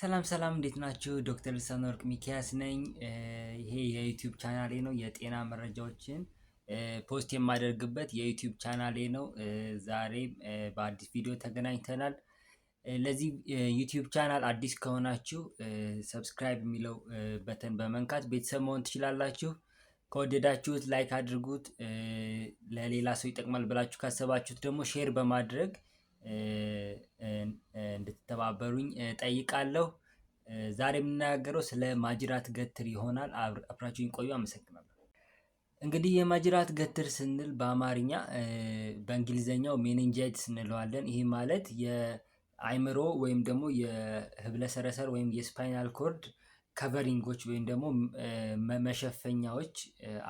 ሰላም ሰላም እንዴት ናችሁ? ዶክተር ልሳን ወርቅ ሚኪያስ ነኝ። ይሄ የዩቲዩብ ቻናሌ ነው። የጤና መረጃዎችን ፖስት የማደርግበት የዩቲዩብ ቻናሌ ነው። ዛሬም በአዲስ ቪዲዮ ተገናኝተናል። ለዚህ ዩቲዩብ ቻናል አዲስ ከሆናችሁ ሰብስክራይብ የሚለው በተን በመንካት ቤተሰብ መሆን ትችላላችሁ። ከወደዳችሁት ላይክ አድርጉት። ለሌላ ሰው ይጠቅማል ብላችሁ ካሰባችሁት ደግሞ ሼር በማድረግ እንድትተባበሩኝ ጠይቃለሁ ዛሬ የምናገረው ስለ ማጅራት ገትር ይሆናል። አብራችሁኝ ቆዩ። አመሰግናለሁ። እንግዲህ የማጅራት ገትር ስንል በአማርኛ በእንግሊዘኛው ሜኒንጃይትስ እንለዋለን። ይህ ማለት የአይምሮ ወይም ደግሞ የህብለሰረሰር ወይም የስፓይናል ኮርድ ከቨሪንጎች ወይም ደግሞ መሸፈኛዎች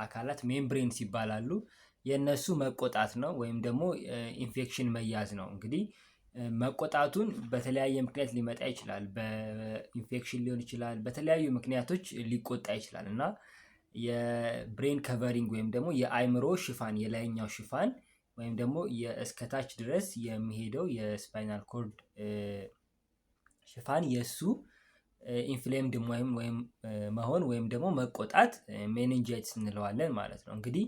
አካላት ሜምብሬንስ ይባላሉ። የእነሱ መቆጣት ነው ወይም ደግሞ ኢንፌክሽን መያዝ ነው። እንግዲህ መቆጣቱን በተለያየ ምክንያት ሊመጣ ይችላል በኢንፌክሽን ሊሆን ይችላል በተለያዩ ምክንያቶች ሊቆጣ ይችላል። እና የብሬን ከቨሪንግ ወይም ደግሞ የአይምሮ ሽፋን የላይኛው ሽፋን ወይም ደግሞ እስከታች ድረስ የሚሄደው የስፓይናል ኮርድ ሽፋን የእሱ ኢንፍሌምድ ወይም ወይም መሆን ወይም ደግሞ መቆጣት ሜኒንጃይትስ እንለዋለን ማለት ነው። እንግዲህ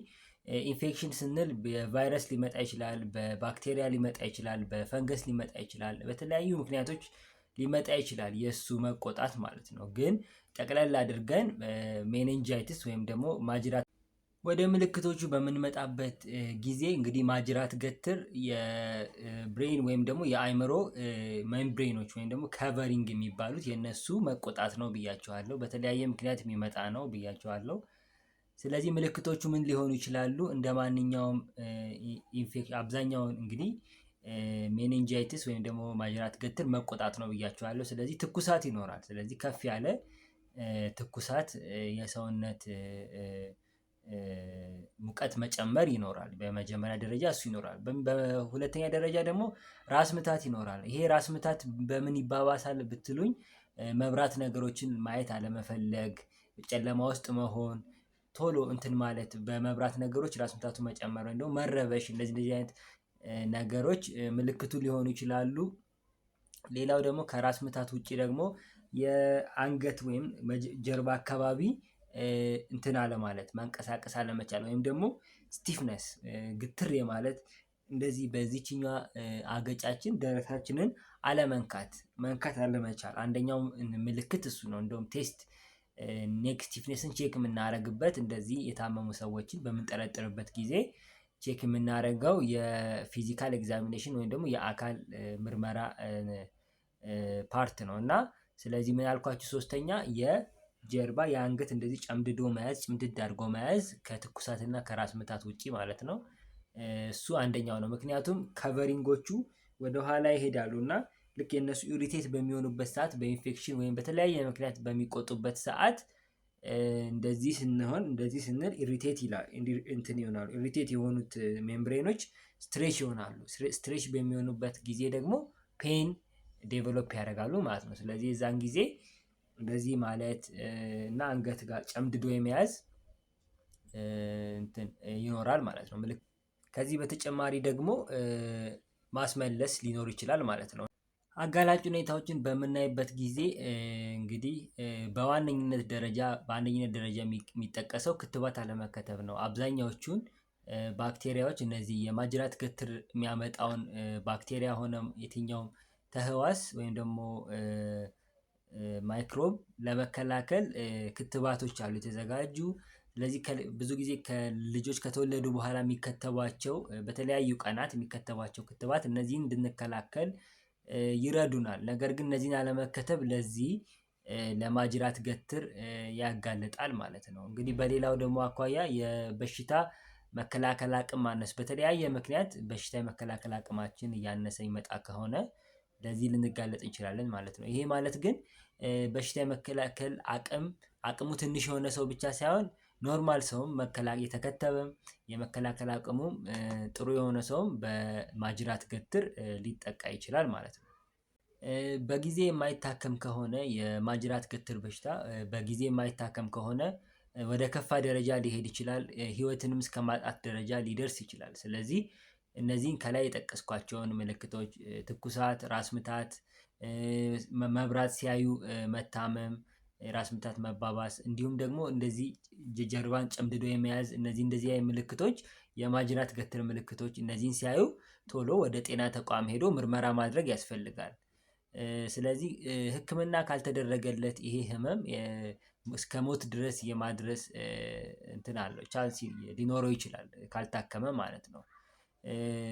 ኢንፌክሽን ስንል በቫይረስ ሊመጣ ይችላል፣ በባክቴሪያ ሊመጣ ይችላል፣ በፈንገስ ሊመጣ ይችላል፣ በተለያዩ ምክንያቶች ሊመጣ ይችላል የእሱ መቆጣት ማለት ነው። ግን ጠቅለል አድርገን ሜኔንጃይትስ ወይም ደግሞ ማጅራት ወደ ምልክቶቹ በምንመጣበት ጊዜ እንግዲህ ማጅራት ገትር የብሬን ወይም ደግሞ የአይምሮ መምብሬኖች ወይም ደግሞ ከቨሪንግ የሚባሉት የእነሱ መቆጣት ነው ብያቸዋለሁ። በተለያየ ምክንያት የሚመጣ ነው ብያቸዋለሁ። ስለዚህ ምልክቶቹ ምን ሊሆኑ ይችላሉ? እንደ ማንኛውም አብዛኛውን እንግዲህ ሜኒንጃይቲስ ወይም ደግሞ ማጅራት ገትር መቆጣት ነው ብያችኋለሁ። ስለዚህ ትኩሳት ይኖራል። ስለዚህ ከፍ ያለ ትኩሳት የሰውነት ሙቀት መጨመር ይኖራል። በመጀመሪያ ደረጃ እሱ ይኖራል። በሁለተኛ ደረጃ ደግሞ ራስ ምታት ይኖራል። ይሄ ራስ ምታት በምን ይባባሳል ብትሉኝ መብራት ነገሮችን ማየት አለመፈለግ፣ ጨለማ ውስጥ መሆን ቶሎ እንትን ማለት በመብራት ነገሮች ራስ ምታቱ መጨመር ወይም ደግሞ መረበሽ እንደዚህ እንደዚህ አይነት ነገሮች ምልክቱ ሊሆኑ ይችላሉ። ሌላው ደግሞ ከራስ ምታት ውጭ ደግሞ የአንገት ወይም ጀርባ አካባቢ እንትን አለማለት መንቀሳቀስ አለመቻል ወይም ደግሞ ስቲፍነስ ግትር ማለት እንደዚህ በዚችኛ አገጫችን ደረታችንን አለመንካት መንካት አለመቻል አንደኛው ምልክት እሱ ነው። እንደውም ቴስት ኔክስቲቭነስን ቼክ የምናደርግበት እንደዚህ የታመሙ ሰዎችን በምንጠረጥርበት ጊዜ ቼክ የምናደርገው የፊዚካል ኤግዛሚኔሽን ወይም ደግሞ የአካል ምርመራ ፓርት ነው እና ስለዚህ ምን ያልኳችሁ ሶስተኛ የጀርባ የአንገት እንደዚህ ጨምድዶ መያዝ ጭምድድ አድርጎ መያዝ ከትኩሳትና ከራስ ምታት ውጪ ማለት ነው። እሱ አንደኛው ነው። ምክንያቱም ከቨሪንጎቹ ወደኋላ ይሄዳሉ እና ልክ የእነሱ ኢሪቴት በሚሆኑበት ሰዓት በኢንፌክሽን ወይም በተለያየ ምክንያት በሚቆጡበት ሰዓት እንደዚህ ስንሆን እንደዚህ ስንል ኢሪቴት ይላል እንትን ይሆናሉ። ኢሪቴት የሆኑት ሜምብሬኖች ስትሬች ይሆናሉ። ስትሬች በሚሆኑበት ጊዜ ደግሞ ፔን ዴቨሎፕ ያደርጋሉ ማለት ነው። ስለዚህ የዛን ጊዜ እንደዚህ ማለት እና አንገት ጋር ጨምድዶ የመያዝ እንትን ይኖራል ማለት ነው። ከዚህ በተጨማሪ ደግሞ ማስመለስ ሊኖር ይችላል ማለት ነው። አጋላጭ ሁኔታዎችን በምናይበት ጊዜ እንግዲህ በዋነኝነት ደረጃ በአንደኝነት ደረጃ የሚጠቀሰው ክትባት አለመከተብ ነው። አብዛኛዎቹን ባክቴሪያዎች እነዚህ የማጅራት ገትር የሚያመጣውን ባክቴሪያ ሆነ የትኛውም ተህዋስ ወይም ደግሞ ማይክሮብ ለመከላከል ክትባቶች አሉ የተዘጋጁ ስለዚህ ብዙ ጊዜ ከልጆች ከተወለዱ በኋላ የሚከተቧቸው በተለያዩ ቀናት የሚከተቧቸው ክትባት እነዚህን እንድንከላከል ይረዱናል። ነገር ግን እነዚህን አለመከተብ ለዚህ ለማጅራት ገትር ያጋልጣል ማለት ነው። እንግዲህ በሌላው ደግሞ አኳያ የበሽታ መከላከል አቅም ማነስ በተለያየ ምክንያት በሽታ የመከላከል አቅማችን እያነሰ ይመጣ ከሆነ ለዚህ ልንጋለጥ እንችላለን ማለት ነው። ይሄ ማለት ግን በሽታ የመከላከል አቅም አቅሙ ትንሽ የሆነ ሰው ብቻ ሳይሆን ኖርማል ሰውም የተከተበም የመከላከል አቅሙም ጥሩ የሆነ ሰውም በማጅራት ገትር ሊጠቃ ይችላል ማለት ነው በጊዜ የማይታከም ከሆነ የማጅራት ገትር በሽታ በጊዜ የማይታከም ከሆነ ወደ ከፋ ደረጃ ሊሄድ ይችላል ህይወትንም እስከማጣት ደረጃ ሊደርስ ይችላል። ስለዚህ እነዚህን ከላይ የጠቀስኳቸውን ምልክቶች ትኩሳት ራስ ምታት መብራት ሲያዩ መታመም ራስ ምታት መባባስ እንዲሁም ደግሞ እንደዚህ ጀርባን ጨምድዶ የመያዝ እነዚህ እንደዚህ አይነት ምልክቶች የማጅራት ገትር ምልክቶች እነዚህን ሲያዩ ቶሎ ወደ ጤና ተቋም ሄዶ ምርመራ ማድረግ ያስፈልጋል ስለዚህ ህክምና ካልተደረገለት ይሄ ህመም እስከ ሞት ድረስ የማድረስ እንትን አለው ቻንስ ሊኖረው ይችላል ካልታከመ ማለት ነው።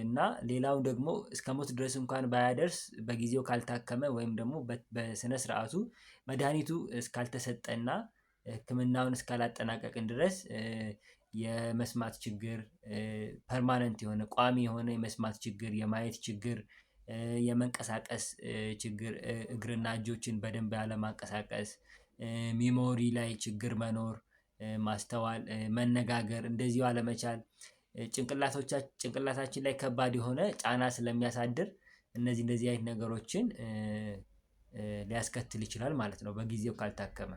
እና ሌላው ደግሞ እስከ ሞት ድረስ እንኳን ባያደርስ በጊዜው ካልታከመ ወይም ደግሞ በስነ ስርዓቱ መድኃኒቱ እስካልተሰጠና ህክምናውን እስካላጠናቀቅን ድረስ የመስማት ችግር ፐርማነንት የሆነ ቋሚ የሆነ የመስማት ችግር የማየት ችግር የመንቀሳቀስ ችግር እግርና እጆችን በደንብ ያለማንቀሳቀስ፣ ሚሞሪ ላይ ችግር መኖር ማስተዋል መነጋገር እንደዚሁ አለመቻል ጭንቅላታችን ላይ ከባድ የሆነ ጫና ስለሚያሳድር እነዚህ እንደዚህ አይነት ነገሮችን ሊያስከትል ይችላል ማለት ነው። በጊዜው ካልታከመ